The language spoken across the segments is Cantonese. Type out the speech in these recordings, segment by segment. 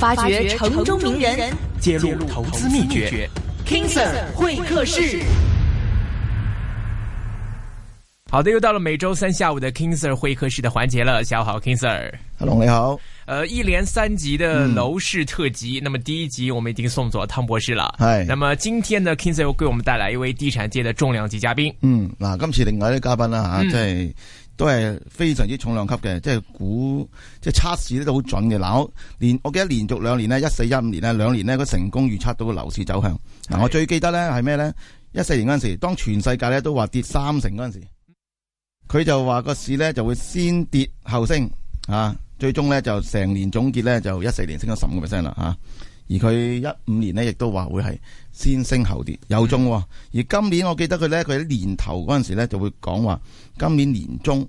發掘城中名人，揭露投資秘訣。King Sir 會客室。好的，又到了每周三下午的 King Sir 會客室的環節了。下午好，King Sir。Hello，、嗯、你好。呃，一連三集的樓市特輯，嗯、那麼第一集我們已經送咗湯博士啦。係是。那麼今天呢，King Sir 又給我們帶來一位地產界的重量級嘉賓。嗯，嗱、啊，今次另外一個嘉賓啦、啊、哈，即、啊、係。就是嗯都係非常之重量級嘅，即係估，即係測市咧都好準嘅。嗱，我連，我記得連續兩年咧，一四一五年咧，兩年咧，佢成功預測到個樓市走向。嗱，是的 我最記得咧係咩咧？一四年嗰陣時，當全世界咧都話跌三成嗰陣時，佢就話個市咧就會先跌後升，啊，最終咧就成年總結咧就一四年升咗十五個 percent 啦，吓。啊而佢一五年咧，亦都話會係先升後跌，又中、哦。嗯、而今年我記得佢咧，佢喺年頭嗰陣時咧，就會講話今年年中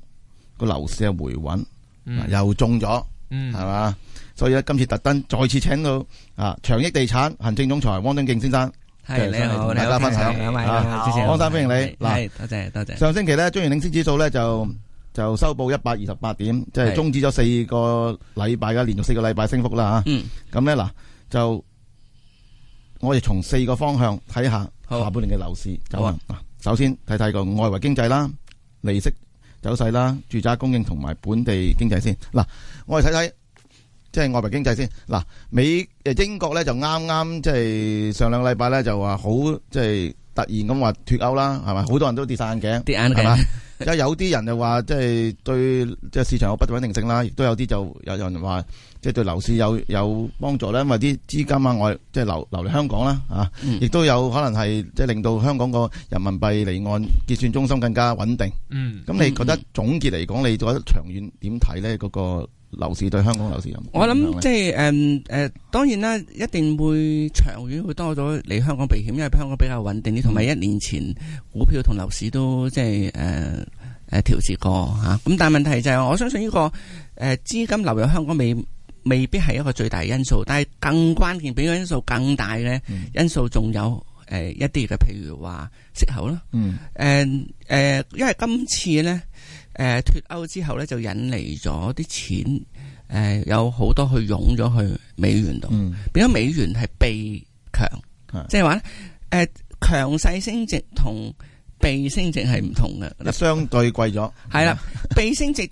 個樓市係回穩，嗯、又中咗，係嘛、嗯？所以咧，今次特登再次請到啊祥益地產行政總裁汪敦敬先生。係你好，你好，歡迎，歡迎、啊啊，汪生，歡迎你。嗱，多謝，多謝。上星期咧，中原領先指數咧就就，就收報一百二十八點，即係終止咗四個禮拜嘅連續四個禮拜升幅啦。吓、啊，咁咧嗱。就我哋從四個方向睇下好下半年嘅樓市走。好啊，首先睇睇個外圍經濟啦、利息走勢啦、住宅供應同埋本地經濟先。嗱，我哋睇睇即係外圍經濟先。嗱，美誒英國咧就啱啱即係上兩禮拜咧就話好即係突然咁話脫歐啦，係咪？好多人都跌晒眼鏡，跌眼鏡。即係吧 有啲人就話即係對即係市場有不穩定性啦，亦都有啲就有有人話。即係對樓市有有幫助啦，因為啲資金啊外即係流流嚟香港啦，嗯、啊，亦都有可能係即係令到香港個人民幣離岸結算中心更加穩定。嗯，咁你覺得總結嚟講，嗯、你覺得長遠點睇咧？嗰個樓市對香港樓市有、嗯、我諗即係誒誒，當然啦，一定會長遠會多咗嚟香港避險，因為香港比較穩定啲，同埋一年前股票同樓市都即係誒誒調節過吓。咁、啊、但係問題就係，我相信呢個誒資金流入香港未。嗯嗯嗯未必係一個最大因素，但係更關鍵，比個因素更大嘅、嗯、因素仲有誒一啲嘅，譬如話息口啦。嗯，誒誒，因為今次咧，誒脫歐之後咧，就引嚟咗啲錢，誒有好多去湧咗去美元度，嗯、變咗美元係被強，即係話咧，誒強勢升值同被升值係唔同嘅，相對貴咗。係啦的，被 升值。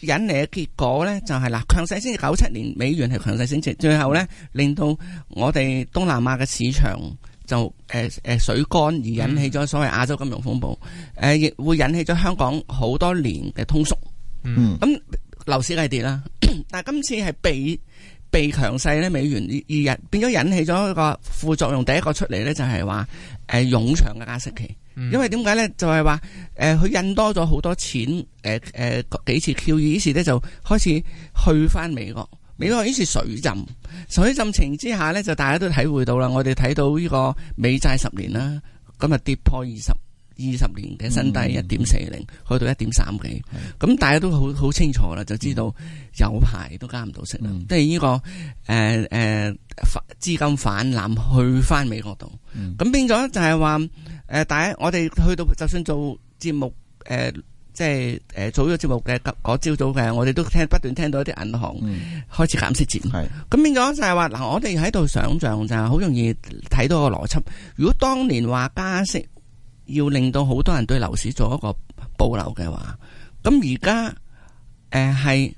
引嚟嘅結果咧，就是，就係啦，強勢升至九七年美元係強勢升值，最後咧令到我哋東南亞嘅市場就誒誒，呃呃、水乾，而引起咗所謂亞洲金融風暴，誒亦、嗯呃、會引起咗香港好多年嘅通縮。嗯，咁樓、嗯、市係跌啦，但係今次係被被強勢咧美元而而引，變咗引起咗一個副作用。第一個出嚟咧就係話誒悠長嘅加息期。因為點解咧？就係、是、話，誒、呃，佢印多咗好多錢，誒、呃、誒、呃，幾次 QE，於是咧就開始去翻美國。美國於是水浸，水浸情之下咧，就大家都體會到啦。我哋睇到呢個美債十年啦，咁啊跌破二十，二十年嘅新低一點四零，40，去到一點三幾，咁的大家都好好清楚啦，就知道有排都加唔到息啦。的即係呢、這個誒誒、呃呃、資金反流去翻美國度，咁的、嗯、變咗就係話誒，大、呃、我哋去到就算做節目誒，即係誒做咗節目嘅嗰朝早嘅，我哋都聽不斷聽到啲銀行、嗯、開始減息節目，咁的變咗就係話嗱，我哋喺度想像就係好容易睇到個邏輯。如果當年話加息，要令到好多人對樓市做一個保留嘅話，咁而家誒，係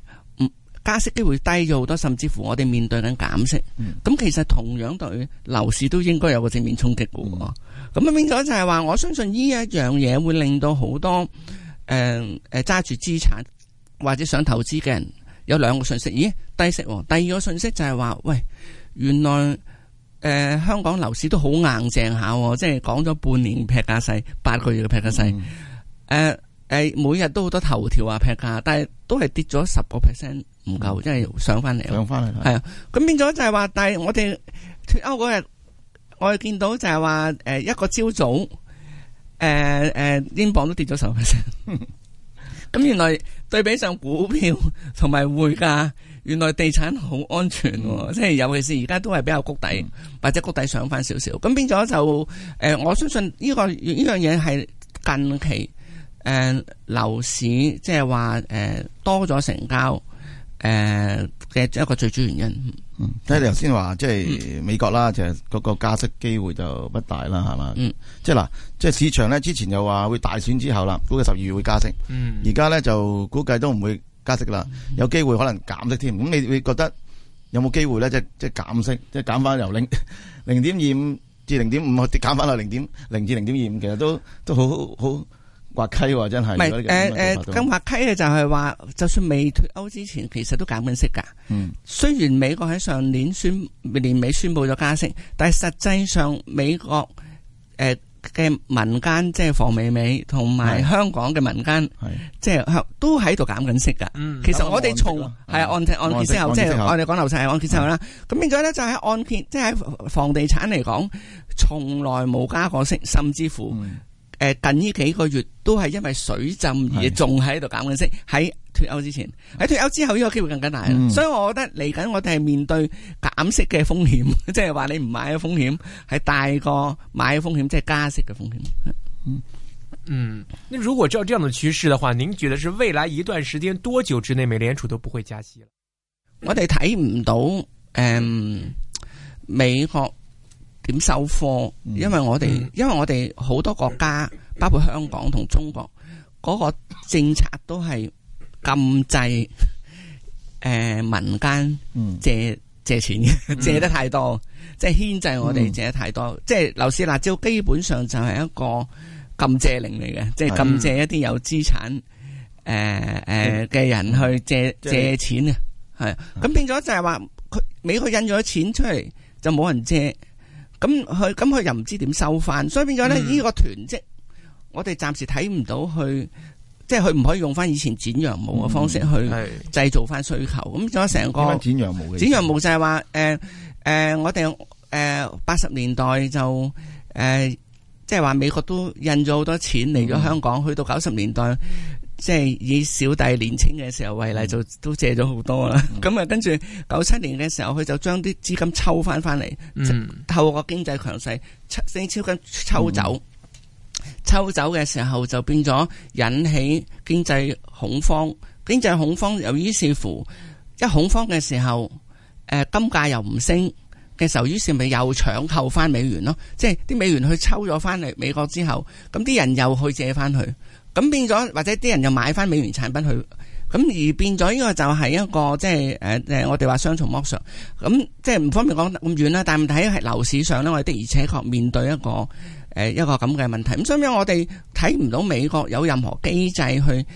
加息機會低咗好多，甚至乎我哋面對緊減息。咁其實同樣對樓市都應該有個正面衝擊嘅。咁變咗就係話，我相信呢一樣嘢會令到好多誒誒揸住資產或者想投資嘅人有兩個信息：咦，低息喎；第二個信息就係話，喂，原來。誒、呃，香港樓市都好硬淨下、哦，即係講咗半年劈價勢，八個月嘅劈價勢。誒誒、嗯呃呃，每日都好多頭條啊劈價，但係都係跌咗十個 percent 唔夠，即係、嗯、上翻嚟。上翻嚟係啊，咁變咗就係話，但係我哋脱歐嗰日，我哋見到就係話，誒、呃、一個朝早，誒、呃、誒、呃，英鎊都跌咗十 percent。咁 原來對比上股票同埋匯價。原來地產好安全，即係、嗯、尤其是而家都係比較谷底，嗯、或者谷底上翻少少。咁變咗就誒，我相信呢、呢個呢樣嘢，係近期誒樓、呃、市即係話誒多咗成交誒嘅、呃、一個最主要原因。睇、嗯、你頭先話即係美國啦，就係嗰個加息機會就不大啦，係嘛？嗯，即係嗱，即係市場咧之前又話會大選之後啦，估計十二月會加息。嗯，而家咧就估計都唔會加息啦，嗯、有機會可能減息添。咁、嗯、你你覺得有冇機會咧？即即減息，即減翻由零零點二五至零點五去減翻落零點零至零點二五，其實都都好好滑稽喎，真係。唔係誒誒，呃呃、更滑稽嘅就係話，就算未脱歐之前，其實都減緊息㗎。嗯，雖然美國喺上年宣年尾宣布咗加息，但係實際上美國誒。呃呃嘅民間即係房美美同埋香港嘅民間，即係是的 都喺度減緊息㗎。嗯、其實我哋從係啊按揭按揭之後，即係、嗯、我哋講樓市係按揭之後啦。咁變咗咧，就喺按揭，即係喺房地產嚟講，從的、嗯、來冇加過息，甚至乎、嗯。誒，近呢幾個月都係因為水浸而仲喺度減息，喺脫歐之前，喺脫歐之後呢個機會更加大。嗯，所以我覺得嚟緊我哋係面對減息嘅風險，即係話你唔買嘅風險係大過買嘅風險，即係加息嘅風險。嗯，嗯。如果照這樣的趨勢的話，您覺得是未來一段時間多久之內美聯儲都不會加息了？我哋睇唔到，誒、嗯，美國。點收貨？因為我哋，嗯、因為我哋好多國家，包括香港同中國嗰、嗰個政策都係禁制誒民間借、嗯、借錢嘅，借得太多，即係牽制我哋借得太多。嗯、即係樓市辣招，基本上就係一個禁借令嚟嘅，即係禁借一啲有資產誒誒嘅人去借借錢嘅係。咁、嗯、變咗就係話佢美國印咗錢出嚟，就冇人借。咁佢咁佢又唔知點收翻，所以變咗咧呢個囤積，我哋暫時睇唔到去，即係佢唔可以用翻以前剪羊毛嘅方式去製造翻需求，咁所以成個剪羊毛嘅剪羊毛就係話誒誒，我哋誒八十年代就誒、呃，即係話美國都印咗好多錢嚟咗香港，去到九十年代。即係以小弟年青嘅時候為例，就都借咗好多啦。咁啊、mm，hmm. 跟住九七年嘅時候，佢就將啲資金抽翻翻嚟，mm hmm. 透過經濟強勢，超升超緊抽走，mm hmm. 抽走嘅時候就變咗引起經濟恐慌。經濟恐慌，由於是乎一恐慌嘅時候，誒，金價又唔升嘅時候，於是咪又搶購翻美元咯。即係啲美元佢抽咗翻嚟美國之後，咁啲人又去借翻去。咁變咗，或者啲人又買返美元產品去，咁而變咗呢個就係一個即係誒誒，我哋話雙重剝削。咁即係唔方便講得咁遠啦，但係睇喺樓市上咧，我哋的而且確面對一個誒、呃、一個咁嘅問題。咁所以我哋睇唔到美國有任何機制去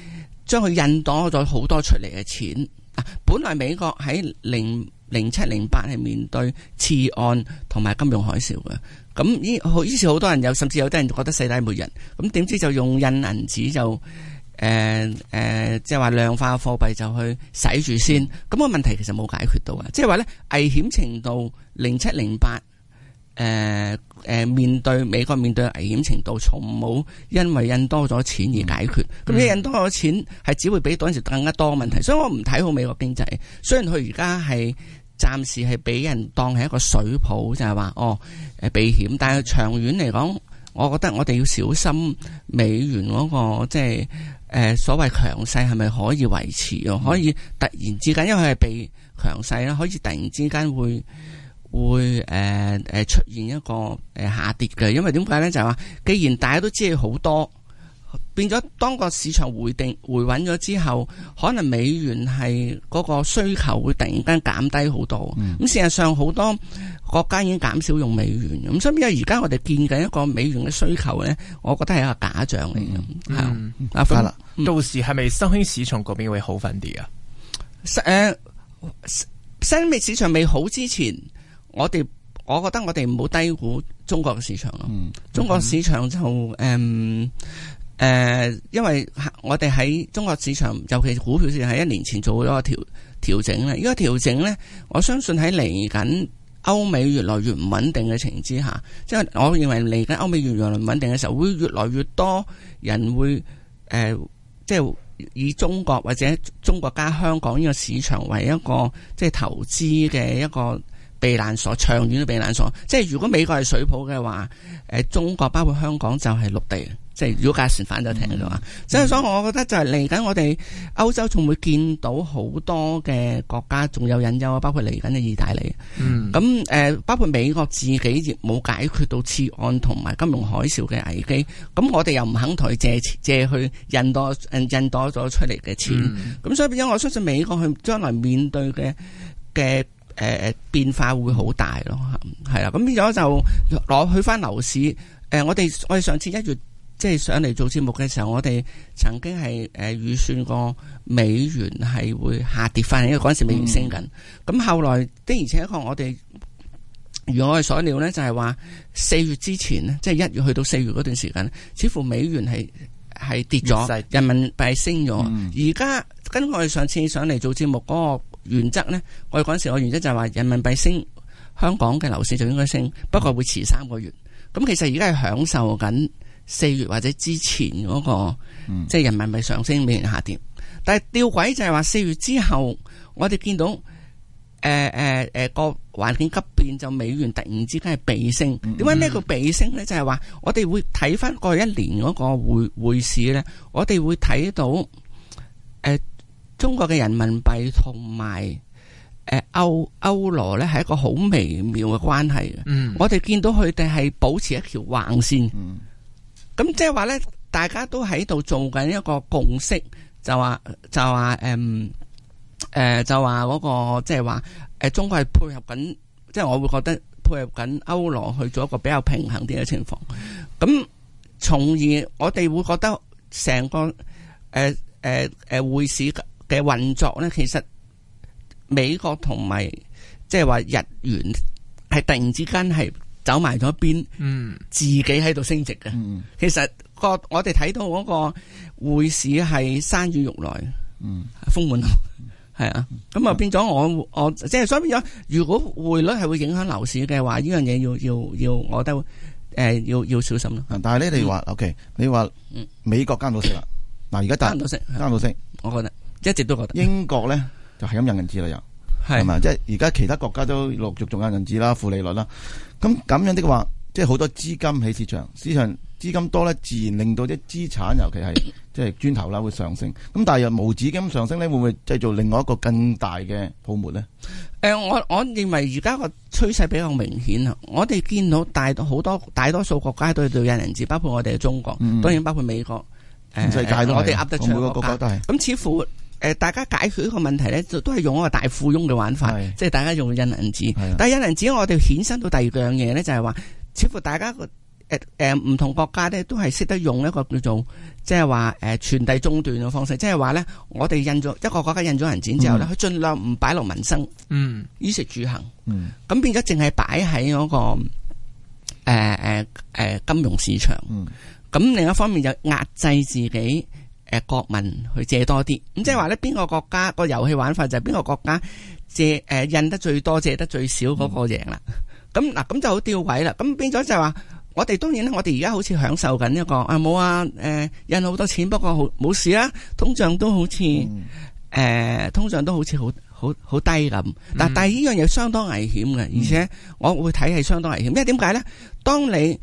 將佢印多咗好多出嚟嘅錢。啊，本來美國喺零零七零八係面對次按同埋金融海嘯嘅。咁依好，於是好多人有甚至有啲人覺得世界末日，咁點知就用印銀紙就誒誒、呃呃，即係話量化貨幣就去使住先，咁個問題其實冇解決到啊！即係話咧，危險程度零七零八誒誒，面對美國面對危險程度，從冇因為印多咗錢而解決。咁你、嗯、印多咗錢，係只會比當時更加多問題。所以我唔睇好美國經濟，雖然佢而家係。暫時係俾人當係一個水泡，就係話哦，誒避險。但係長遠嚟講，我覺得我哋要小心美元嗰個即係誒所謂強勢係咪可以維持？哦，嗯，可以突然之間，因為佢係被強勢啦，可以突然之間會會誒誒出現一個誒下跌嘅。因為點解咧？就係話，既然大家都知好多。變咗，當個市場回定回穩咗之後，可能美元係嗰個需求會突然間減低好多。咁、嗯、事實上好多國家已經減少用美元。咁所以而家我哋見緊一個美元嘅需求咧，我覺得係一個假象嚟嘅。阿到時係咪新興市場嗰邊會好返啲啊？實誒，新興市場未好之前，我哋我覺得我哋唔好低估中國嘅市場咯。嗯、中國市場就誒。嗯嗯誒，因為我哋喺中國市場，尤其股票市，喺一年前做咗個調調整咧。依、這個調整呢，我相信喺嚟緊歐美越來越唔穩定嘅情之下，即係我認為嚟緊歐美越來越唔穩定嘅時候，會越來越多人會誒、呃，即係以中國或者中國加香港呢個市場為一個即係投資嘅一個。避難所，長遠嘅避難所，即係如果美國係水泡嘅話，誒、呃，中國包括香港就係陸地，嗯、即係如果架船翻咗艇嘅話，即係、嗯、所以我覺得就係嚟緊我哋歐洲仲會見到好多嘅國家仲有隱憂啊，包括嚟緊嘅意大利。咁誒、嗯呃，包括美國自己亦冇解決到次按同埋金融海嘯嘅危機，咁我哋又唔肯同佢借錢借去印度，印度嗯，印多咗出嚟嘅錢，咁所以變咗我相信美國佢將來面對嘅嘅。誒誒、呃，變化會好大咯，係啦。咁變咗就攞去翻樓市。誒、呃，我哋我哋上次一月即係上嚟做節目嘅時候，我哋曾經係誒預算過美元係會下跌翻，因為嗰陣時美元升緊。咁、嗯、後來的而且確，我哋如我哋所料呢，就係話四月之前咧，即係一月去到四月嗰段時間，似乎美元係係跌咗，用人民幣升咗。而家跟我哋上次上嚟做節目嗰個。原則呢，我哋嗰陣時，我原則就係話，人民幣升，香港嘅樓市就應該升，不過會遲三個月。咁其實而家係享受緊四月或者之前嗰、那個，即係、嗯、人民幣上升、美元下跌。但係吊詭就係話四月之後，我哋見到誒誒誒個環境急變，就美元突然之間係避升。點解呢個避升呢？就係、是、話我哋會睇翻過去一年嗰個匯市呢，我哋會睇到。中國嘅人民幣同埋誒歐歐羅咧係一個好微妙嘅關係嘅，嗯、我哋見到佢哋係保持一條橫線，咁即係話咧，大家都喺度做緊一個共識，就話就話誒誒就話嗰個即係話誒中國係配合緊，即係我會覺得配合緊歐羅去做一個比較平衡啲嘅情況，咁從而我哋會覺得成個誒誒誒匯市嘅運作咧，其實美國同埋即係話日元係突然之間係走埋咗一邊，嗯，自己喺度升值嘅。其實個我哋睇到嗰個匯市係山雨欲來，嗯，風滿樓，係啊。咁啊變咗我我即係所以變咗，如果匯率係會影響樓市嘅話，呢樣嘢要要要，我都誒要要小心咯。但係咧，你話 O K，你話美國加唔到息啦，嗱而家加唔到息，加唔到息，我覺得。一直都覺得英國咧就係咁印銀紙啦又，係嘛是？即係而家其他國家都陸續仲印銀紙啦、負利率啦。咁咁樣的話，即係好多資金喺市場，市場資金多咧，自然令到啲資產，尤其係即係磚頭啦，會上升。咁但係又無止咁上升咧，會唔會製造另外一個更大嘅泡沫咧？誒、呃，我我認為而家個趨勢比較明顯啊！我哋見到大多好多大多數國家都喺度印銀紙，包括我哋中國，嗯、當然包括美國，全世界都我哋噏得出，每個國家都係咁，似乎。誒，大家解決一個問題咧，就都係用一個大富翁嘅玩法，即係大家用印銀紙。但係印銀紙，我哋衍生到第二樣嘢咧，就係話，似乎大家誒誒唔同國家咧，都係識得用一個叫做即係話誒傳遞中斷嘅方式，即係話咧，我哋印咗一個國家印咗銀紙之後咧，佢盡量唔擺落民生，嗯，衣食住行，嗯，咁變咗淨係擺喺嗰個誒誒誒金融市場，嗯，咁另一方面就壓制自己，國民去借多啲，咁即係話咧，邊個國家個遊戲玩法就係邊個國家借誒、呃、印得最多，借得最少嗰個贏啦。咁嗱、嗯，咁就好掉位啦。咁變咗就話，我哋當然啦，我哋而家好似享受緊一、這個啊，冇啊，誒、呃、印好多錢，不過好冇事啊，通脹都好似誒、嗯呃，通脹都好似好好好低咁。但係呢、嗯、樣嘢相當危險嘅，而且我會睇係相當危險，因為點解咧？當你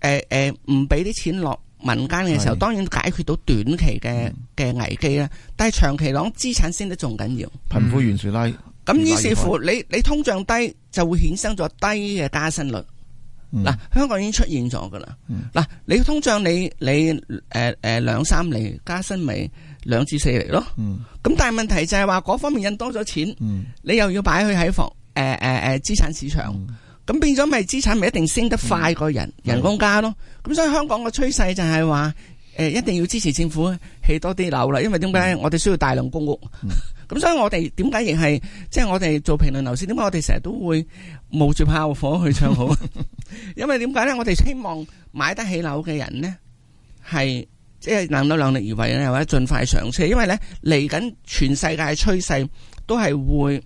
誒誒唔俾啲錢落。民間嘅時候，是當然解決到短期嘅嘅危機啦，嗯、但係長期講，資產升得仲緊要，貧富懸殊拉。咁於是乎你，你你通脹低就會衍生咗低嘅加薪率。嗱、嗯，香港已經出現咗噶啦。嗱、嗯，你通脹你你誒誒兩三厘加薪咪兩至四厘咯。咁、嗯、但係問題就係話嗰方面印多咗錢，嗯、你又要擺去喺房，誒誒誒資產市場。嗯咁變咗咪資產咪一定升得快過人人工加咯。咁、嗯、所以香港個趨勢就係話誒，一定要支持政府起多啲樓啦。因為點解、嗯、我哋需要大量公屋咁，嗯、 所以我哋點解亦係即係我哋做評論樓市，點解我哋成日都會冒住炮火去唱好？ 因為點解咧？我哋希望買得起樓嘅人咧係即係能夠量力而為咧，或者盡快上車。因為咧嚟緊全世界嘅趨勢都係會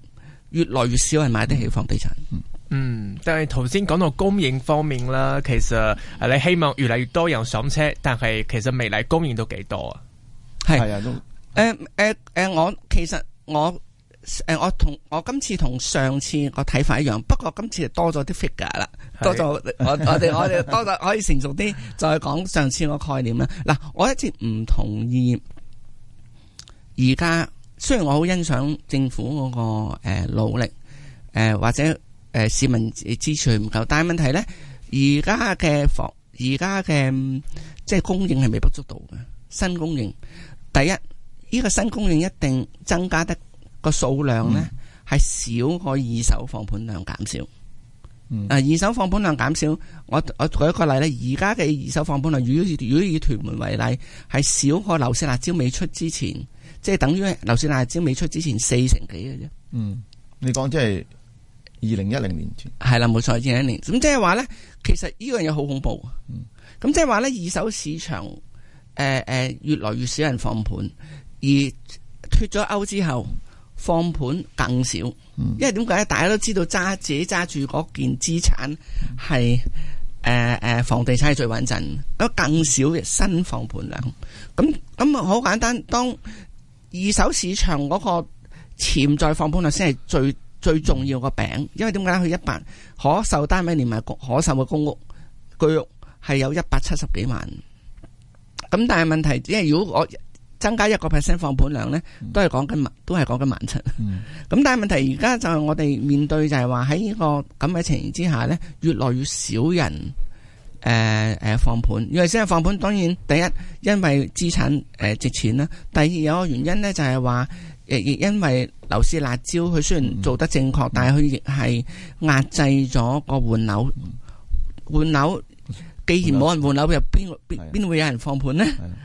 越來越少人買得起房地產。嗯嗯，但係頭先講到供應方面啦，其實誒，你希望越嚟越多人上車，但係其實未來供應都幾多啊？係係啊，都誒誒誒，我、呃呃呃呃、其實我誒、呃，我同我今次同上次個睇法一樣，不過今次多咗啲 figure 啦，是多咗我哋我哋多咗可以成熟啲 再講上次個概念啦。嗱，我一直唔同意而家雖然我好欣賞政府嗰、那個誒、呃、努力誒、呃、或者。誒、呃，市民誒支持唔夠，但係問題咧，而家嘅房，而家嘅即係供應係微不足道嘅新供應。第一，呢、這個新供應一定增加得個數量咧，係少過二手放盤量減少。嗯，啊，二手放盤量減少，我我舉一個例咧，而家嘅二手放盤量，如果如果以屯門為例，係少過樓市辣招未出之前，即係等於樓市辣招未出之前四成幾嘅啫。嗯，你講即係。二零一零年，係啦，冇錯，二零一一年，咁即係話咧，其實呢樣嘢好恐怖。咁、嗯、即係話咧，二手市場誒誒、呃呃，越嚟越少人放盤，而脫咗歐之後，放盤更少。因為點解咧？大家都知道揸自己揸住嗰件資產係誒誒，房地產係最穩陣，咁更少嘅新放盤量。咁咁好簡單，當二手市場嗰個潛在放盤量先係最。最重要個餅，因為點解佢一百可售單位連埋可售嘅公屋，佢係有一百七十幾萬。咁但係問題，因為如果我增加一個 percent 放盤量咧，都係講緊萬，都係講緊萬七。咁、嗯、但係問題，而家就係我哋面對就係話喺呢個咁嘅情形之下咧，越來越少人誒誒、呃、放盤。因為先係放盤，當然第一因為資產誒值錢啦，第二有個原因咧就係話。亦因為樓市辣招，佢雖然做得正確，嗯、但係佢亦係壓制咗個換樓。嗯、換樓既然冇人換樓，又邊邊邊會有人放盤呢？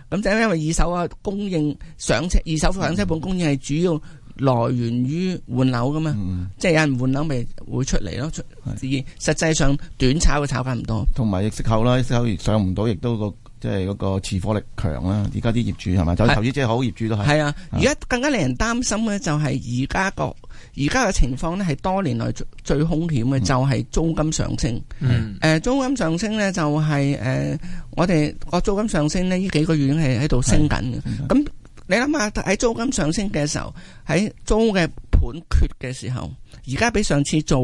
咁就的因為二手啊供應上車，二手上車盤供應係主要來源於換樓㗎嘛。嗯、即係有人換樓，咪會出嚟咯。的而實際上短炒嘅炒價唔多，同埋亦息口啦，息口上唔到，亦都個。即係嗰個持貨力強啦，而家啲業主係咪？是就投資者好，業主都係。係啊，而家、啊、更加令人擔心咧，就係而家個而家嘅情況咧，係多年來最最凶險嘅，就係租金上升。嗯。誒、呃，租金上升咧，就係、是、誒、呃，我哋個租金上升咧，呢幾個月已經係喺度升緊嘅。咁、啊、你諗下喺租金上升嘅時候，喺租嘅。盤缺嘅時候，而家比上次做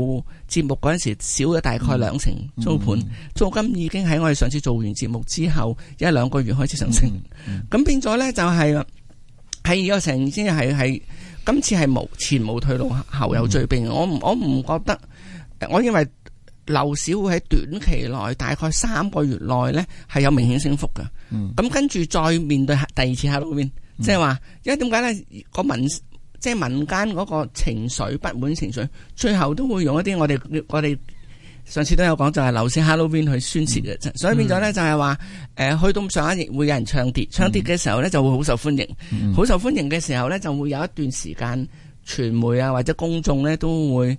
節目嗰陣時少咗大概兩成租、嗯、盤，租金已經喺我哋上次做完節目之後一兩個月開始上升，咁、嗯嗯、變咗呢、就係，就係喺二個成之係係今次係冇前冇退路，後有追兵、嗯。我唔我唔覺得，我認為樓市會喺短期內大概三個月內呢係有明顯升幅嘅。咁、嗯、跟住再面對第二次客路邊，即係話，因為點解呢？個民？即係民間嗰個情緒不滿情緒，最後都會用一啲我哋我哋上次都有講，就係流泄 Halloween 去宣泄嘅，嗯、所以變咗咧就係話，誒、嗯、去到上一跌會有人唱跌，唱跌嘅時候咧就會好受歡迎，好、嗯、受歡迎嘅時候咧就會有一段時間，傳媒啊或者公眾咧都會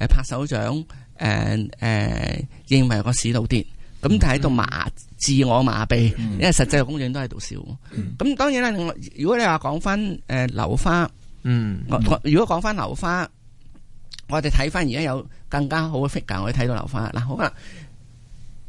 誒拍手掌，誒、呃、誒、呃、認為個市道跌，咁就喺度麻自我麻痹，因為實際嘅公眾都喺度笑。咁、嗯嗯、當然啦，如果你話講翻誒流花。嗯，我如果講翻樓花，我哋睇翻而家有更加好嘅 figure，我哋睇到樓花嗱，好啦。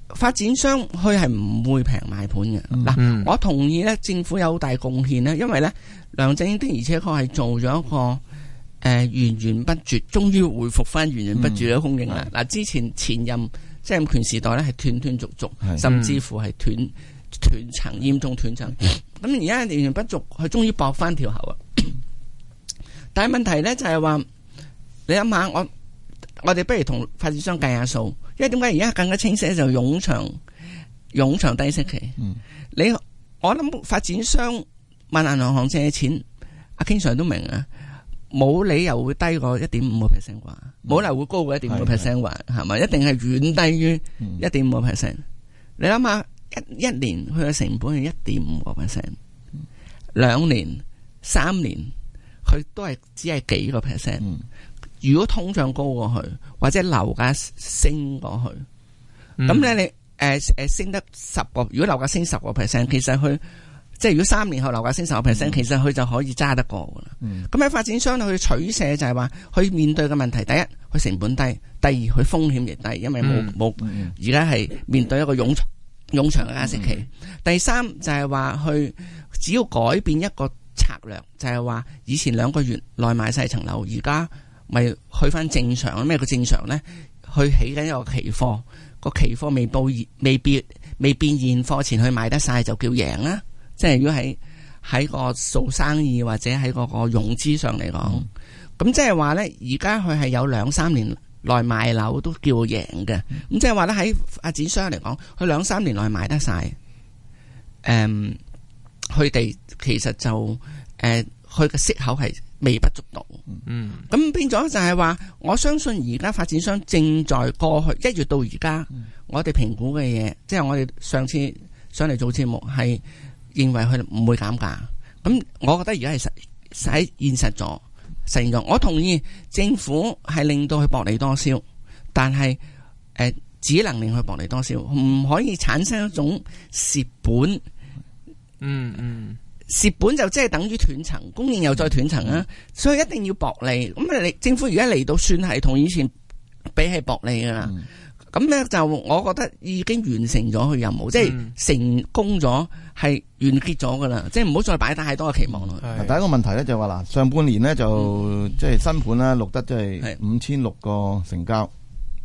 發展商佢係唔會平賣盤嘅嗱，嗯嗯、我同意咧，政府有大貢獻咧，因為咧梁振英的，而且確係做咗一個誒源源不絕，終於回復翻源源不絕嘅供應啦。嗱、嗯，之前前任即政權時代咧係斷斷續續，甚至乎係斷斷層嚴重斷層，咁而家源源不絕，佢終於駁翻條喉啊！但係問題咧就係話，你諗下我我哋不如同發展商計下數，因為點解而家更加清晰咧就涌長涌長低息期。嗯、你我諗發展商問銀行借錢，阿 King Sir 都明啊，冇理由會低過一點五個 percent 啩，冇理由會高過一點五個 percent 啩，係咪？一定係遠低於、嗯、一點五個 percent。你諗下一一年佢嘅成本係一點五個 percent，兩年三年。佢都係只係幾個 percent，如果通脹高過佢，或者樓價升過佢，咁咧、嗯、你誒誒、uh, uh, 升得十個，如果樓價升十個 percent，其實佢即係如果三年後樓價升十個 percent，其實佢就可以揸得過噶啦、嗯。咁喺、嗯、發展商去取捨就係話，佢面對嘅問題，第一佢成本低，第二佢風險亦低，因為冇冇而家係面對一個冗冗長嘅加息期。嗯嗯、第三就係話佢只要改變一個。策略就係、是、話，以前兩個月內買晒層樓，而家咪去翻正常。咩個正常呢？去起緊一個期貨，個期貨未報，未必未變現貨前去買得晒就叫贏啦。即係如果喺喺個做生意或者喺個個融資上嚟講，咁即係話呢，而家佢係有兩三年內買樓都叫贏嘅。咁即係話呢，喺發、啊、展商嚟講，佢兩三年內買得晒，誒、嗯、佢哋。其實就誒，佢，呃，嘅息口係微不足道。嗯，咁變咗就係話，我相信而家發展商正在過去一月到而家，嗯，我哋評估嘅嘢，即係我哋上次上嚟做節目係認為佢哋唔會減價。咁我覺得而家係實喺現實咗，實現咗。我同意政府係令到佢薄利多銷，但係誒、呃，只能令佢薄利多銷，唔可以產生一種蝕本。嗯嗯。嗯蝕本就即係等於斷層，供應又再斷層啊！嗯、所以一定要薄利。咁你政府而家嚟,到算係同以前比係薄利噶啦。咁咧、嗯、就我覺得已經完成咗佢任務，嗯、即係成功咗，係完結咗噶啦。即係唔好再擺太多嘅期望。是第一個問題咧就話、是、嗱，上半年呢，嗯、就即係新盤咧錄得即係五千六個成交，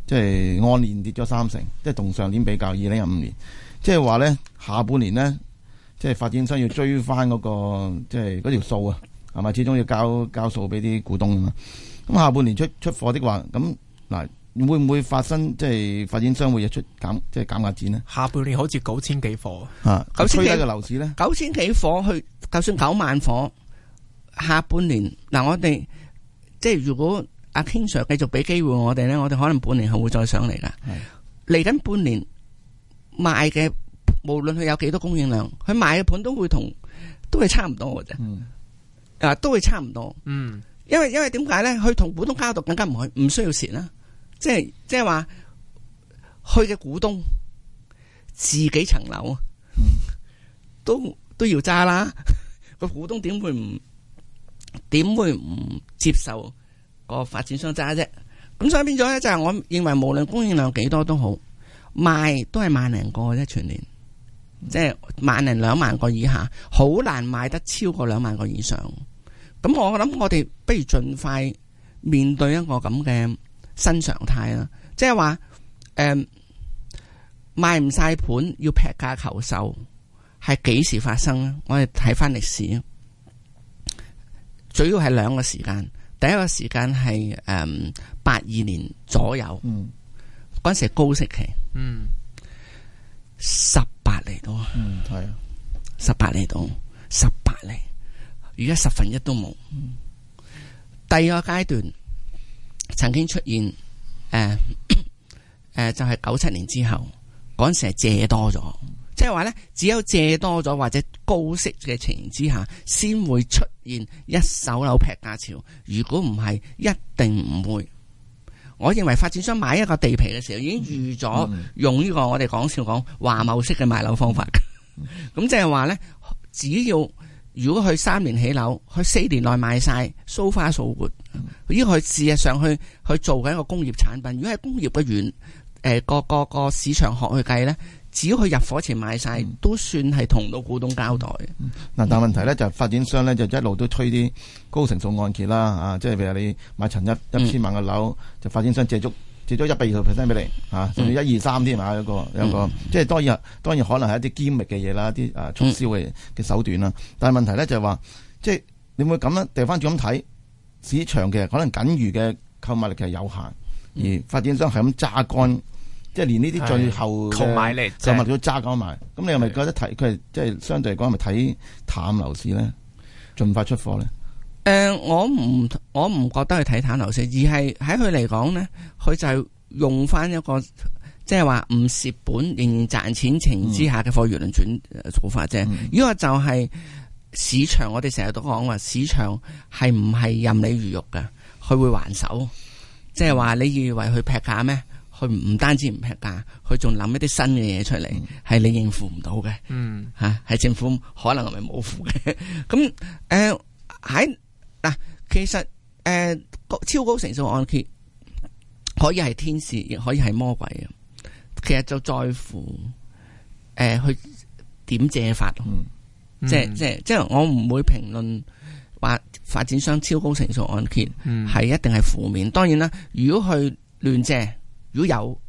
即係是按年跌咗三成，即係同上年比較，二零一五年，即係話咧下半年呢。即係發展商要追翻嗰個，即係嗰條數啊，係咪？始終要交交數俾啲股東啊嘛。咁下半年出出貨的話，咁嗱，會唔會發生即係發展商會又出減，即係減壓戰咧？下半年好似九千幾貨啊，九千幾。推嘅樓市咧，九千幾貨去，就算九萬貨。下半年嗱，我哋即係如果阿 King Sir 繼續俾機會我哋咧，我哋可能半年後會再上嚟噶。嚟緊的半年賣嘅。無論佢有幾多供應量，佢賣嘅盤都會同都係差唔多嘅啫。啊，嗯、都會差唔多、嗯因。因為因為點解咧？佢同股東交流更加唔唔需要蝕啦。即係即係話，去嘅股東自己層樓、嗯，都都要揸啦。個股東點會唔點會唔接受個發展商揸啫？咁所以變咗咧，就係、是、我認為，無論供應量幾多都好，賣都係萬零個啫，全年。即係萬零兩萬個以下，好難賣得超過兩萬個以上。咁我諗，我哋不如盡快面對一個咁嘅新常態啦。即係話，誒、嗯、賣唔晒盤要劈價求售，係幾時發生呢？我哋睇翻歷史，主要係兩個時間。第一個時間係誒八二年左右，嗰陣、嗯、時係高息期，嗯，十。嚟到、嗯、啊，嗯係啊，十八嚟到十八厘，而家十分一都冇。第二個階段曾經出現誒誒、呃呃，就係九七年之後嗰陣時係借多咗，即係話咧，只有借多咗或者高息嘅情形之下，先會出現一手樓劈價潮。如果唔係，一定唔會。我認為發展商買一個地皮嘅時候，已經預咗用呢個我哋講笑講華貿式嘅賣樓方法。咁即係話呢，只要如果佢三年起樓，佢四年內賣晒，So far so good，依、hmm. 個佢事實上去去做緊一個工業產品。如果係工業不遠，誒個個個市場學去計呢。只要佢入伙前買晒，都算係同到股東交代嘅。嗱、嗯，但問題咧就係、發展商咧就一路都推啲高成數按揭啦，啊，即係譬如你買層一一千萬嘅樓，就發展商借足借足一百二十 percent 俾你，啊，甚至一二三添啊，一個一個、嗯、即係當然當然、啊啊就係、可能係一啲堅密嘅嘢啦，啲誒促銷嘅嘅手段啦。但係問題咧就係話，即係你會咁樣掉翻轉咁睇市場嘅可能僅餘嘅購買力係有限，而發展商係咁榨乾。即係連呢啲最後同埋力、實物都揸攞埋，咁你係咪覺得睇佢係即係相對嚟講係咪睇淡樓市咧？盡快出貨咧？誒、呃，我唔我唔覺得係睇淡樓市，而係喺佢嚟講咧，佢就係用翻一個即係話唔蝕本仍然賺錢情之下嘅貨源輪轉做法啫。嗯、因為就係市場，我哋成日都講話，市場係唔係任你魚肉噶？佢會還手，即係話你以為佢劈價咩？佢唔唔單止唔劈價，佢仲諗一啲新嘅嘢出嚟，係、嗯、你應付唔到嘅嚇。係、嗯啊、政府可能係咪冇符嘅咁。誒喺嗱，其實誒、呃、超高成數按揭可以係天使，亦可以係魔鬼嘅。其實就在乎誒、呃、去點借法，即係即係即係我唔會評論話發展商超高成數按揭係、嗯、一定係負面。當然啦，如果去亂借，如果有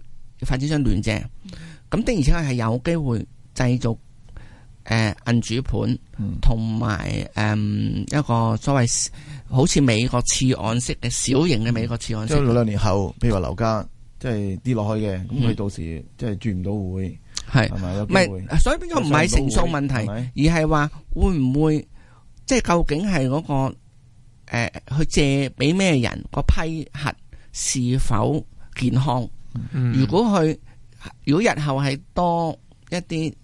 發展商亂借，咁的而且確係有機會製造誒、呃、銀主盤，同埋誒一個所謂好似美國次按式嘅小型嘅美國次按式、嗯。即係兩年後，譬如話樓價即係跌落去嘅，咁佢到時、嗯、即係轉唔到會係係咪？唔係，所以邊個唔係成數問題，是是而係話會唔會即係究竟係嗰、那個誒、呃、去借俾咩人個批核是否？健康，嗯、如果佢如果日後係多一啲誒、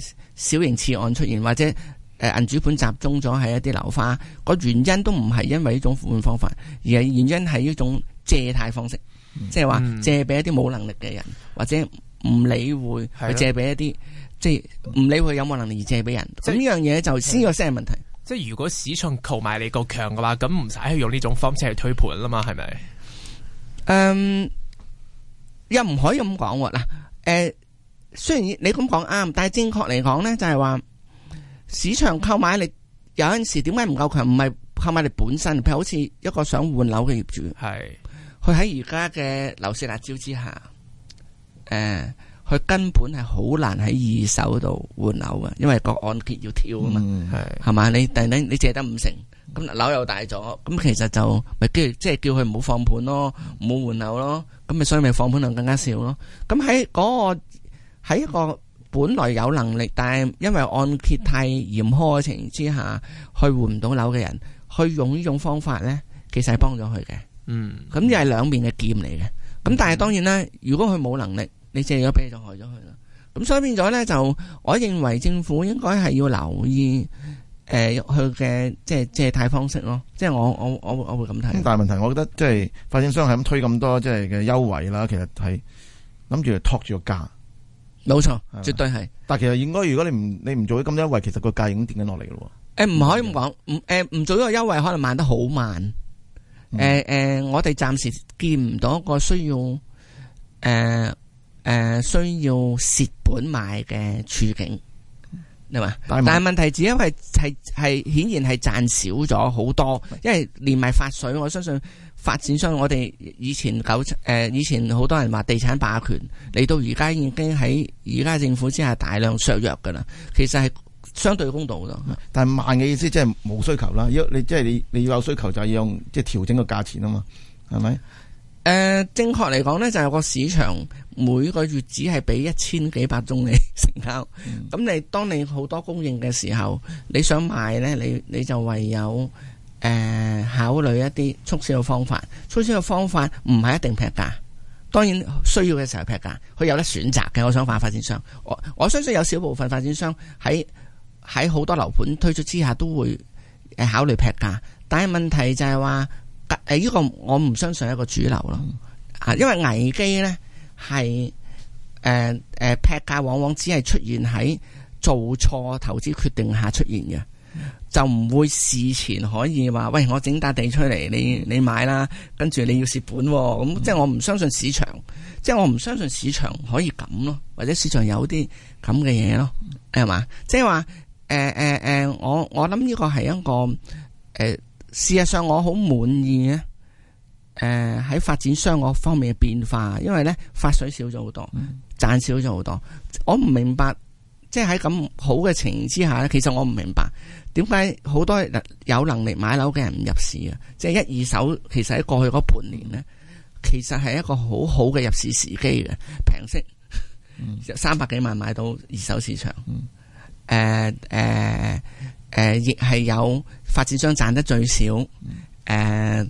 uh, 小型次案出現，或者誒銀、uh, 主盤集中咗係一啲樓花，個原因都唔係因為呢種付款方法，而係原因係呢種借貸方式，即係話借俾一啲冇能力嘅人，或者唔理會去借俾一啲即係唔理會有冇能力而借俾人。咁呢、嗯、樣嘢就先個先係問題。即係如果市場購買力夠強嘅話，咁唔使去用呢種方式去推盤啦嘛，係咪？嗯。嗯。又唔可以咁講喎嗱，誒、啊，雖然你咁講啱，但係正確嚟講咧，就係話市場購買力有陣時點解唔夠強？唔係購買力本身，譬如好似一個想換樓嘅業主，係佢喺而家嘅樓市辣招之下，誒、啊，佢根本係好難喺二手度換樓嘅，因為個按揭要跳啊嘛，係嘛、嗯是？你等等你借得五成。樓又大咗，咁其實就咪即係叫佢唔好放盤咯，唔好換樓咯，咁咪所以咪放盤量更加少咯。咁喺嗰個喺一個本來有能力，但係因為按揭太嚴苛嘅情之下去換唔到樓嘅人，去用呢種方法咧，其實係幫咗佢嘅。嗯，咁又係兩面嘅劍嚟嘅。咁但係當然咧，如果佢冇能力，你借咗俾佢就害咗佢啦。咁所以變咗咧，就我認為政府應該係要留意。誒，佢嘅即係借貸方式咯，即係我我我我會咁睇。咁但係問題，我覺得即係發展商係咁推咁多即係嘅優惠啦，其實係諗住托住個價。冇錯錯，吧絕對係。但其實應該如果你唔你唔做咗咁多優惠，其實個價已經跌緊落嚟咯。誒、欸，唔可以咁講，唔誒唔做呢個優惠，可能賣得好慢。誒誒、嗯呃呃，我哋暫時見唔到一個需要，誒、呃、誒、呃，需要蝕本賣嘅處境。嗱嘛，但係問題只因為係係顯然係賺少咗好多，因為連埋發水，我相信發展商，我哋以前九誒、以前好多人話地產霸權，嚟到而家已經喺而家政府之下大量削弱噶啦，其實係相對公道咯、嗯。但係慢嘅意思即係冇需求啦，如果你即係你你要有需求就係用即係、就是、調整個價錢啊嘛，係咪？誒，正確嚟講呢就係個市場每個月只係俾一千幾百宗嘅成交。咁你、嗯、當你好多供應嘅時候，你想賣呢，你你就唯有誒、呃、考慮一啲促銷嘅方法。促銷嘅方法唔係一定劈價，當然需要嘅時候劈價，佢有得選擇嘅。我想話發展商，我我相信有少部分發展商喺喺好多樓盤推出之下都會考慮劈價，但係問題就係話。誒，呢個我唔相信一個主流咯，啊，因為危機咧係誒誒，劈、呃呃、價往往只係出現喺做錯投資決定下出現嘅，嗯、就唔會事前可以話，喂，我整笪地出嚟，你你買啦，跟住你要蝕本，咁、嗯嗯、即係我唔相信市場，即係我唔相信市場可以咁咯，或者市場有啲咁嘅嘢咯，係嘛、嗯？即係話，誒誒誒，我我諗呢個係一個誒。呃事實上我好滿意嘅，誒、呃、喺發展商嗰方面嘅變化，因為咧發水少咗好多，賺少咗好多。我唔明白，即係喺咁好嘅情形之下咧，其實我唔明白點解好多有能力買樓嘅人唔入市啊！即係一二手，其實喺過去嗰半年咧，其實係一個好好嘅入市時機嘅，平息， 三百幾萬買到二手市場，誒、呃、誒。呃誒，亦係有發展商賺得最少，誒誒、嗯，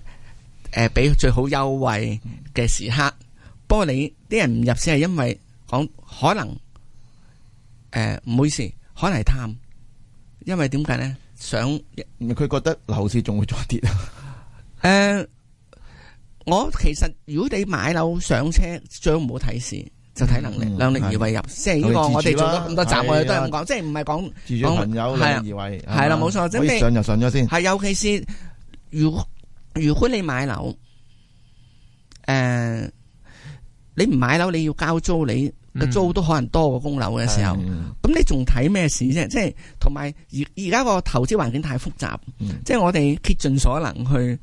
俾、呃呃、最好優惠嘅時刻。嗯、不過你啲人唔入市係因為講可能，誒、呃、唔好意思，可能係貪。因為點解咧？想佢覺得樓市仲會再跌啊？誒、呃，我其實如果你買樓上車，最唔好睇市。就睇能力，量力而為入，即係呢個我哋做咗咁多集，我哋都係咁講，即係唔係講朋友量力而為，係啦，冇錯。即係上就上咗先，係尤其是如如果你買樓，誒，你唔買樓，你要交租，你嘅租都可能多過供樓嘅時候，咁你仲睇咩市啫？即係同埋而而家個投資環境太複雜，即係我哋竭盡所能去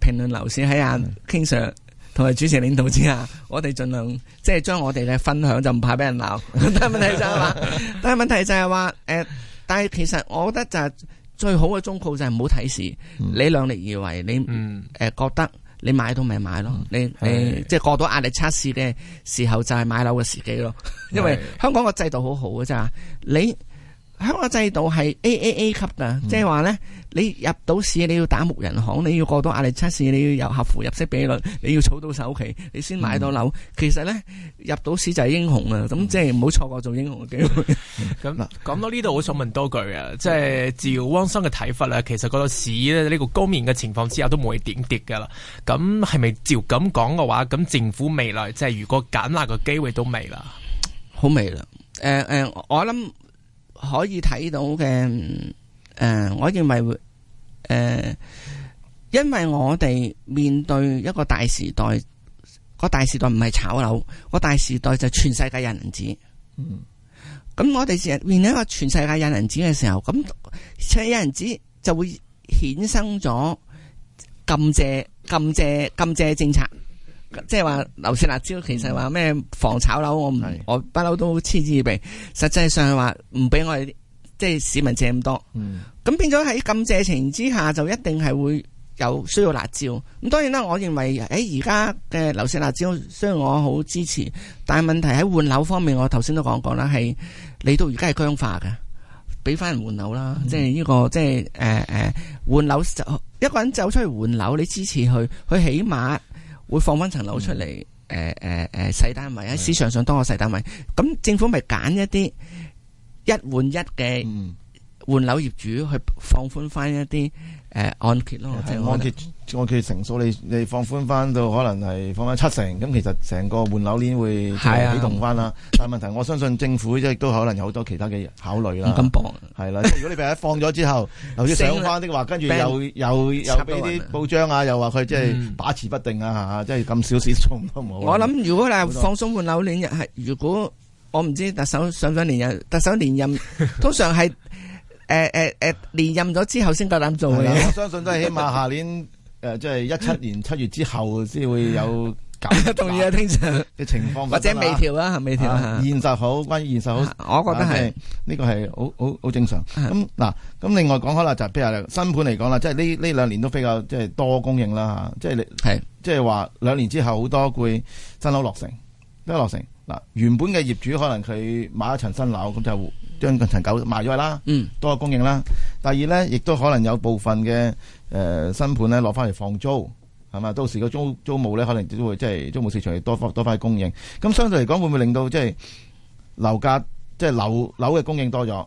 評論樓市喺下傾上。同埋主持領導之下，我哋盡量即係將我哋嘅分享就唔怕俾人鬧。 但係問題就係話， 但係問題就係話，誒，但係其實我覺得就係最好嘅忠告就係唔好睇市，嗯、你量力而為，你誒覺得你買到咪買咯，嗯、你誒即係過到壓力測試嘅時候就係買樓嘅時機咯。 因為香港個制度好好嘅咋，你香港制度係 AAA 級嘅，嗯、即係話咧。你入到市，你要打木人行，你要過到壓力測試，你要有合符入息比率，你要儲到首期，你先買到樓。嗯、其實咧，入到市就係英雄啊！咁即係唔好錯過做英雄嘅機會。咁講到呢度，我想問多句啊，即係照汪生嘅睇法咧，其實個市咧呢，這個高面嘅情況之下都冇會點跌噶啦。咁係咪照咁講嘅話，咁政府未來即係如果減辣嘅機會都未啦，好未啦？誒、呃、誒、呃，我諗可以睇到嘅。誒、呃，我認為誒、呃，因為我哋面對一個大時代，個大時代唔係炒樓，個大時代就全世界印銀紙。嗯，咁我哋成日面對一個全世界印銀紙嘅時候，咁全世界印銀紙就會衍生咗禁借、禁借、禁借政策，即係話樓市辣招，其實話咩防炒樓，我唔是我不嬲都嗤之以鼻，實際上係話唔俾我哋，即係市民借咁多，咁、嗯、變咗喺咁借情之下，就一定係會有需要辣招。咁當然啦，我認為喺而家嘅樓市辣招，雖然我好支持，但係問題喺換樓方面，我頭先都講過啦，係你到而家係僵化嘅，俾翻人換樓啦，嗯這個。即係呢個即係誒誒換樓，一個人走出去換樓，你支持佢，佢起碼會放翻層樓出嚟。誒誒誒，細單位喺市場上當個細單位，咁、嗯嗯、政府咪揀一啲？一換一嘅換樓業主去放寬翻一啲誒按揭咯，按揭按揭成數你你放寬翻到可能係放翻七成，咁其實成個換樓鏈會啟動翻啦。但係問題，我相信政府即係亦都可能有好多其他嘅考慮啦。咁搏係啦，即係如果你俾人放咗之後，樓市上翻的話，跟住又又又俾啲報章啊，又話佢即係把持不定啊，吓，即係咁少少重都唔好。我諗如果你放鬆換樓鏈，係如果。我唔知特首想唔想連任，特首連任通常係誒誒誒連任咗之後先夠膽做嘅。 我相信都係起碼下年誒，即係一七年七月之後先會有搞。同意 啊，聽嘅情況或者微調啦，微調、啊、現實好，關於現實好， 我覺得係呢個係好好好正常。咁嗱， 咁另外講開啦，就譬如新盤嚟講啦，即係呢呢兩年都比較即係多供應啦，吓，即係係即係話兩年之後好多會新樓落成，真落成。嗱，原本嘅業主可能佢買一層新樓，咁就將近層樓賣咗啦，多個供應啦。嗯、第二咧，亦都可能有部分嘅誒、呃、新盤咧攞翻嚟放租，係嘛？到時個租租務咧，可能都會即係租務市場多多翻供應。咁相對嚟講，會唔會令到即係樓價即係樓樓嘅供應多咗，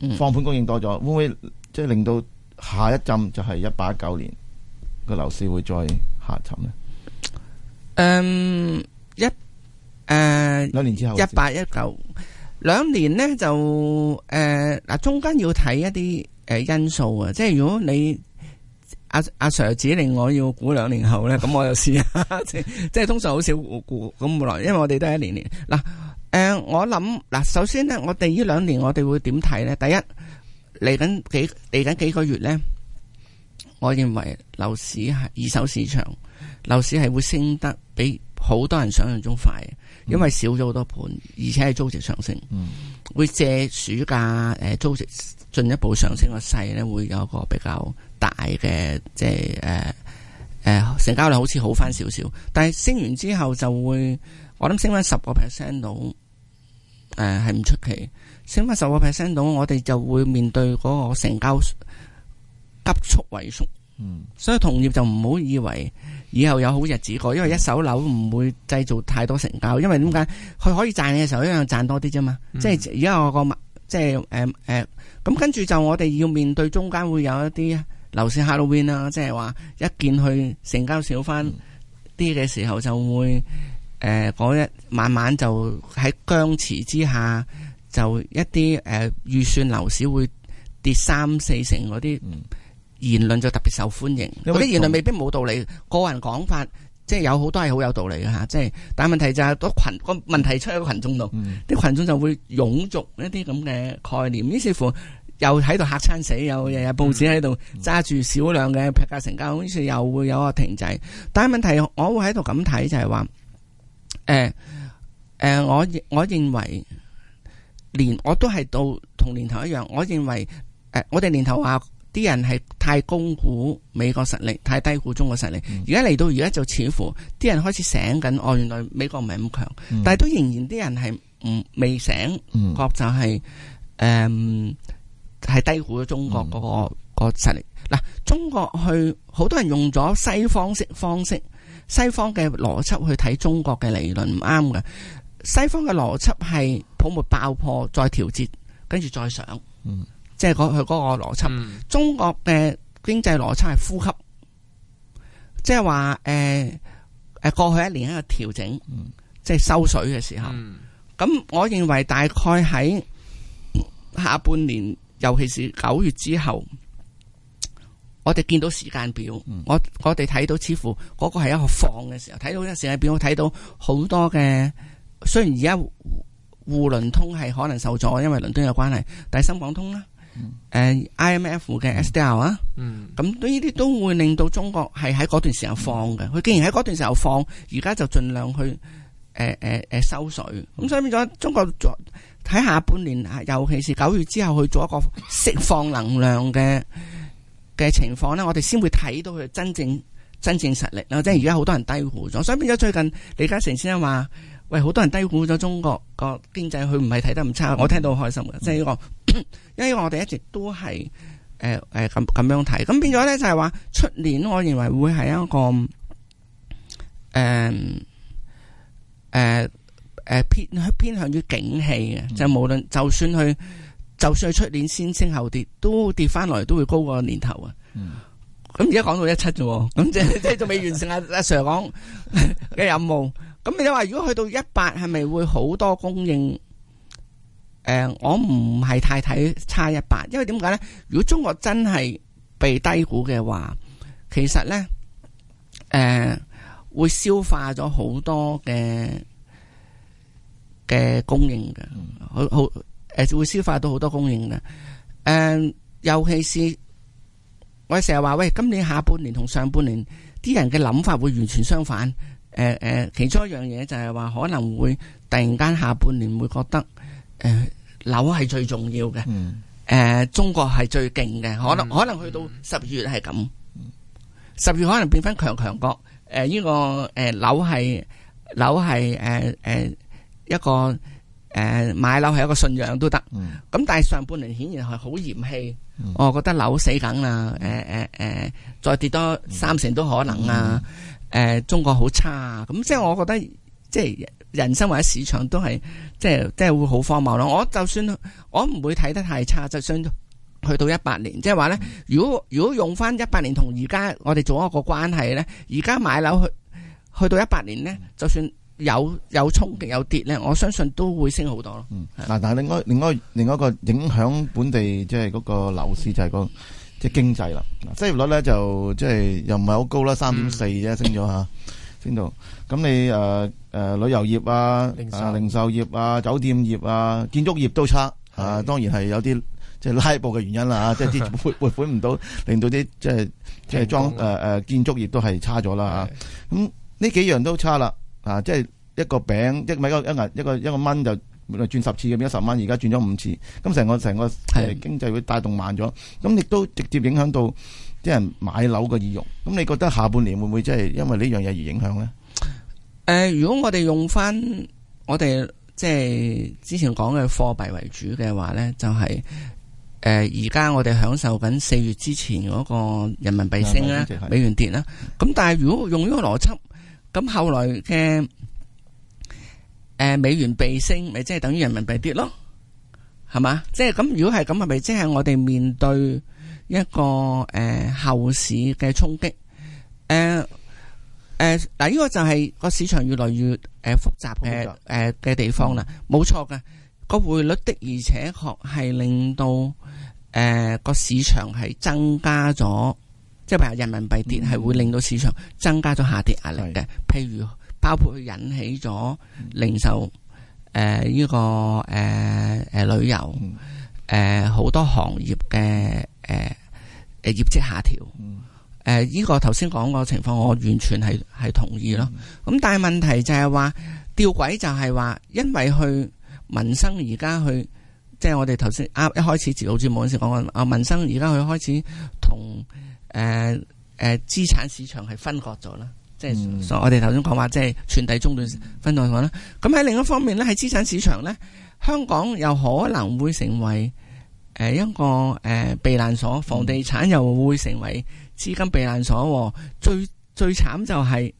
嗯、放盤供應多咗，會唔會即係令到下一浸就係一八一九年個樓市會再下沉呢？誒一。誒，兩、呃、年之後一八一九，19, 兩年呢，就誒、嗱、呃，中間要睇一啲誒因素啊，即係如果你阿阿、啊啊、Sir 指令我要估兩年後咧，咁我又試下， 即係通常好少估估咁冇耐，因為我哋都係一年年嗱。誒、呃，我諗嗱，首先呢，我哋呢兩年我哋會點睇咧？第一嚟緊幾嚟緊幾個月咧？我認為樓市係二手市場，樓市係會升得比好多人想象中快。因為少咗好多盤，而且係租值上升，嗯、會借暑假誒租值進一步上升個勢咧，會有一個比較大嘅即係誒誒成交量好似好翻少少。但係升完之後就會，我諗升翻十個 percent 到誒係唔出奇。升翻十個 percent 到，我哋就會面對嗰個成交急速萎縮。嗯，所以同業就唔好以為以後有好日子過，因為一手樓唔會製造太多成交，因為點解佢可以賺嘅時候一樣賺多啲啫嘛。即係而家我個即係誒誒，咁跟住就我哋要面對中間會有一啲樓市 Halloween 啦，即係話一見去成交少返啲嘅時候，就會誒嗰日慢慢就喺僵持之下，就一啲誒預算樓市會跌三四成嗰啲。嗯言論就特別受歡迎，嗰啲言論未必冇道理，個人講法即係有好多係好有道理嘅吓，即係但係問題就係、是、個群個問題出喺個群眾度，啲群眾就會湧逐一啲咁嘅概念，於是乎又喺度吓餐死，又日日報紙喺度揸住少量嘅劈價成交，好似又會有個停滯。但係問題我會喺度咁睇就係、是、話，誒、呃、誒、呃，我我認為年我都係到同年頭一樣，我認為誒、呃，我哋年頭話。啲人係太高估美國實力，太低估中國實力。而家嚟到而家就似乎啲人開始醒緊，哦，原來美國唔係咁強，嗯、但係都仍然啲人係唔未醒覺就係、係、誒，係、嗯嗯、低估咗中國嗰個個實力。嗱、嗯，嗯、中國去好多人用咗西方式方式、西方嘅邏輯去睇中國嘅理論唔啱嘅。西方嘅邏輯係泡沫爆破再調節，跟住再上。嗯即係佢嗰個邏輯，嗯、中國嘅經濟邏輯係呼吸。即係話誒誒，過去一年一個調整，嗯、即係收水嘅時候。咁、嗯、我認為大概喺下半年，尤其是九月之後，我哋見到時間表，嗯、我我哋睇到似乎嗰個係一個放嘅時候。睇到呢個時間表，我睇到好多嘅。雖然而家滬滬倫通係可能受阻，因為倫敦有關係，但係深港通咧。誒，IMF 嘅 SDR 啊，咁呢啲都會令到中國係喺嗰段時候放嘅。佢、嗯、既然喺嗰段時候放，而家就盡量去誒誒誒收水。咁、嗯、所以變咗中國做睇下半年，尤其是九月之後去做一個釋放能量嘅嘅 情況咧，我哋先會睇到佢真正真正實力啦。即係而家好多人低估咗。所以變咗最近李嘉誠先生話。喂，好多人低估咗中國個經濟，佢唔係睇得唔差，我聽到好開心嘅。即係呢個， 因為我哋一直都係誒誒咁咁樣睇，咁變咗咧就係話出年，我認為會係一個誒誒誒偏偏向於景氣嘅、嗯，就無論就算佢就算佢出年先升後跌，都跌翻來都會高過年頭啊。嗯咁而家講到一七啫，咁即係即係仲未完成啊！阿 Sir 講嘅任務。咁你話如果去到一八，係咪會好多供應？誒、呃，我唔係太睇差一八，因為點解咧？如果中國真係被低估嘅話，其實咧，誒、呃，會消化咗好多嘅嘅供應嘅，好好誒，會消化到好多供應嘅。誒、呃，尤其是。我哋成日話喂，今年下半年同上半年啲人嘅諗法會完全相反。誒、呃、誒，其中一樣嘢就係、是、話可能會突然間下半年會覺得誒樓係最重要嘅。誒、呃，中國係最勁嘅，可能可能去到十月係咁，十月可能變翻強強國。誒、呃，呢個誒樓係樓係誒誒一個。誒、呃，買樓係一個信仰都得，咁、嗯、但係上半年顯然係好嫌棄，嗯、我覺得樓死梗啦，誒誒誒，再跌多三成都可能啊，誒、嗯呃，中國好差，咁、嗯嗯、即係我覺得即係人生或者市場都係即係即係會好荒謬咯。我就算我唔會睇得太差，就算去到一八年，即係話咧，如果如果用翻一八年同而家我哋做一個關係咧，而家買樓去去到一八年咧，就算。有有衝擊有跌咧，我相信都會升好多咯。嗯，嗱，但係另外另外另外一個影響本地即係嗰個樓市就係、那個即係、就是、經濟啦。失業率咧就即係又唔係好高啦，三點四啫，升咗吓，升到。咁你誒誒、呃呃、旅遊業啊，啊、零售業啊、酒店業啊、建築業都差啊。當然係有啲即係拉布嘅原因啦，即係啲撥撥款唔到，令到啲即係即係裝誒誒建築業都係差咗啦。咁呢幾樣都差啦。啊啊！即係一個餅，一米一銀，一個一個蚊就轉十次咁，變咗十蚊而家轉咗五次。咁成個成個，個經濟會帶動慢咗。咁亦是的 都直接影響到啲人買樓嘅意欲。咁你覺得下半年會唔會即係因為呢樣嘢而影響咧？誒、嗯呃，如果我哋用翻我哋即係之前講嘅貨幣為主嘅話咧，就係誒而家我哋享受緊四月之前嗰個人民幣升啦，美元跌啦。咁但係如果用呢個邏輯。咁後來嘅誒美元被升，咪即係等於人民幣跌咯，係嘛？即係咁，如果係咁，係咪即係我哋面對一個誒後市嘅衝擊？誒、呃、誒，嗱、呃，呢、這個就係個市場越來越誒複雜嘅誒嘅地方啦。冇錯㗎，個匯率的而且確係令到誒個市場係增加咗。即係譬如人民幣跌係會令到市場增加咗下跌壓力嘅。的譬如包括引起咗零售誒依個誒誒旅遊誒好多行業嘅誒誒業績下調。誒依、嗯呃這個頭先講個情況，我完全係係、嗯、同意咯。咁但係問題就係話吊詭就係話，因為去民生而家去，即係我哋頭先啱一開始接到節目嗰時講緊啊，民生而家佢開始同。誒誒、呃，資產市場係分割咗啦，嗯、即係我哋頭先講話，即係傳遞中斷、分斷咗啦。咁喺另一方面咧，喺資產市場咧，香港又可能會成為誒一個誒避難所，嗯、房地產又會成為資金避難所。嗯、最最慘就係、是、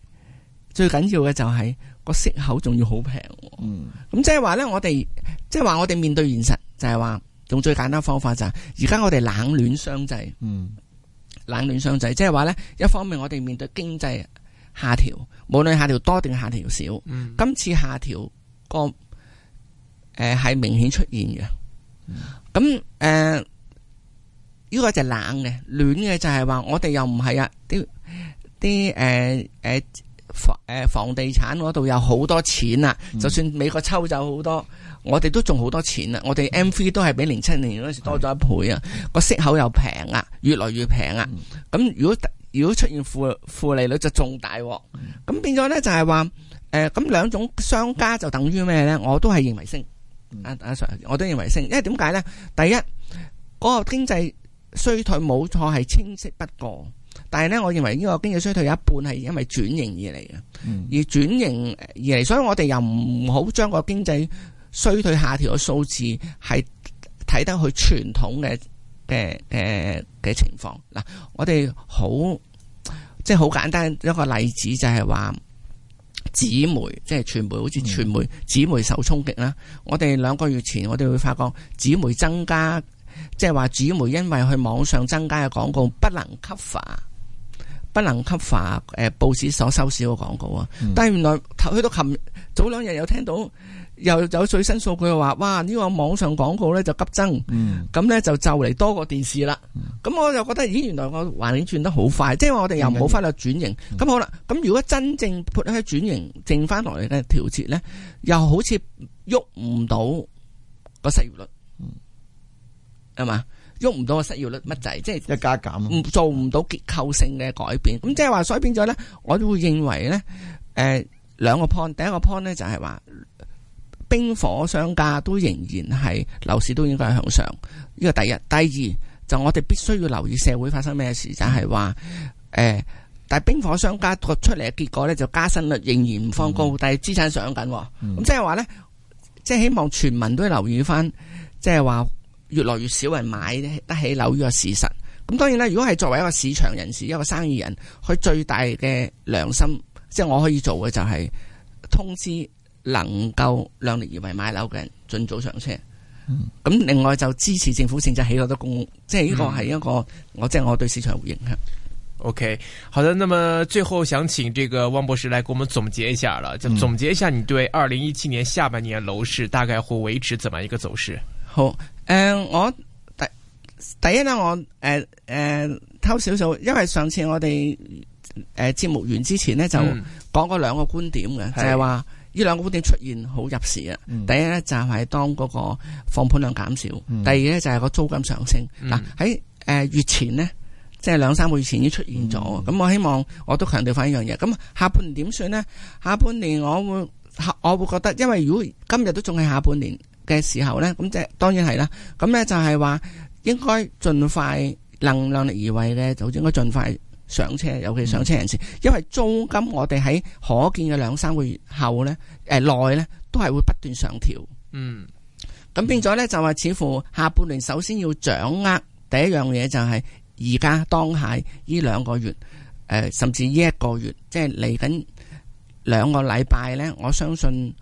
最緊要嘅就係個息口仲要好平。嗯，咁即係話咧，我哋即係話我哋面對現實就係、是、話用最簡單方法就係而家我哋冷暖相制。嗯。冷暖相濟，即係話咧，一方面我哋面對經濟下調，無論下調多定下調少，嗯、今次下調個誒係明顯出現嘅。咁、嗯、誒，呢個、嗯、就係冷嘅，暖嘅就係話我哋又唔係啊啲啲誒誒房誒房地產嗰度有好多錢啊，就算美國抽走好多，我哋都仲好多錢啊！我哋 M3 都係比零七年嗰時多咗一倍啊！個是的 息口又平啊，越來越平啊！咁如果如果出現負負利率就仲大喎！咁、嗯、變咗咧就係話誒，咁、呃、兩種商家就等於咩咧？我都係認為升，阿阿、嗯啊啊、Sir，我都認為升，因為點解咧？第一，嗰、那個經濟衰退冇錯係清晰不過，但係咧我認為呢個經濟衰退有一半係因為轉型而嚟嘅，嗯、而轉型而嚟，所以我哋又唔好將個經濟。衰退下調嘅數字係睇得佢傳統嘅嘅誒嘅情況。嗱，我哋好即係好簡單一個例子就，就係話紙媒，即係傳媒，好似傳媒紙媒受衝擊啦。我哋兩個月前，我哋會發覺紙媒增加，即係話紙媒因為佢網上增加嘅廣告不能 cover，不能 cover 誒報紙所收少嘅廣告啊。嗯、但係原來頭去到琴早兩日又聽到。又有最新數據話，哇！呢、這個網上廣告咧就急增，咁咧、嗯、就就嚟多過電視啦。咁、嗯、我就覺得，咦？原來個環境轉得好快，即係我哋又冇翻嚟轉型。咁、嗯、好啦，咁如果真正 put 轉型，剩翻落嚟嘅調節咧，又好似喐唔到個失業率，係嘛、嗯？喐唔到個失業率乜滯，嗯、即係一加減做唔到結構性嘅改變。咁即係話，所以變咗咧，我都會認為咧，誒、呃、兩個 point，第一個 point 咧就係、是、話。就是冰火相加都仍然係樓市都應該向上，呢個第一。第二就我哋必須要留意社會發生咩事，就係話誒，但係冰火相加個出嚟嘅結果咧，就加薪率仍然唔放高，嗯、但係資產上緊。咁、嗯、即係話咧，即係希望全民都留意翻，即係話越來越少人買得起樓，呢個事實。咁當然啦，如果係作為一個市場人士，一個生意人，佢最大嘅良心，即係我可以做嘅就係通知。能夠量力而為買樓嘅人盡早上車，咁、嗯、另外就支持政府政策起好多公屋，即係呢個係一個，一個、嗯、我即係、就是、我對市場嘅影響。OK，好的，那麼最後想請這個汪博士來給我們總結一下啦，就總結一下你對二零一七年下半年樓市大概會維持怎麼一個走勢、嗯？好，誒、呃，我第第一呢，我誒誒、呃呃、偷少少，因為上次我哋誒節目完之前呢，就講過兩個觀點嘅，嗯、就係、是、話。嗯呢兩個觀點出現好入時啊！嗯、第一咧就係當嗰個放盤量減少，嗯、第二咧就係個租金上升。嗱喺誒月前咧，即係兩三個月前已經出現咗。咁、嗯、我希望我都強調翻一樣嘢。咁下半年點算呢？下半年我會，我會覺得，因為如果今日都仲係下半年嘅時候咧，咁即係當然係啦。咁咧就係話應該盡快能量力而為嘅，就應該盡快，上車，尤其上車人士，嗯、因為租金我哋喺可見嘅兩三個月後、呃、內呢，誒內呢都係會不斷上調。嗯，咁變咗呢，就話，似乎下半年首先要掌握第一樣嘢就係而家當下呢兩個月，誒、呃、甚至呢一個月，即係嚟緊兩個禮拜呢，我相信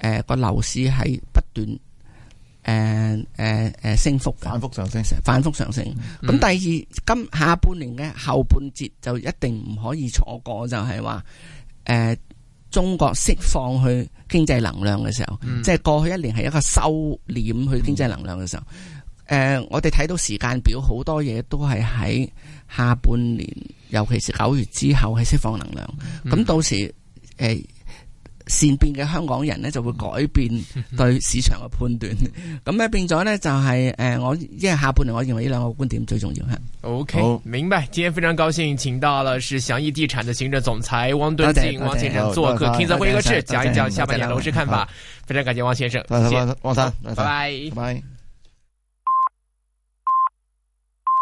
誒個樓市係不斷。誒誒誒，升幅反覆上升，反覆上升。咁、嗯、第二今下半年嘅後半節就一定唔可以錯過就，就係話誒中國釋放去經濟能量嘅時候，嗯、即係過去一年係一個收斂去經濟能量嘅時候。誒、嗯呃，我哋睇到時間表，好多嘢都係喺下半年，尤其是九月之後係釋放能量。咁、嗯嗯、到時誒。呃善變嘅香港人呢，就會改變對市場嘅判斷，咁呢變咗呢，就係誒，我因為下半年我認為呢兩個觀點最重要。OK，明白。今天非常高興請到了是祥益地產的行政總裁汪敦敬，汪先生做客 King Sir 會客室，講一講下半年樓市看法。非常感謝汪先生，汪總，汪總，拜拜。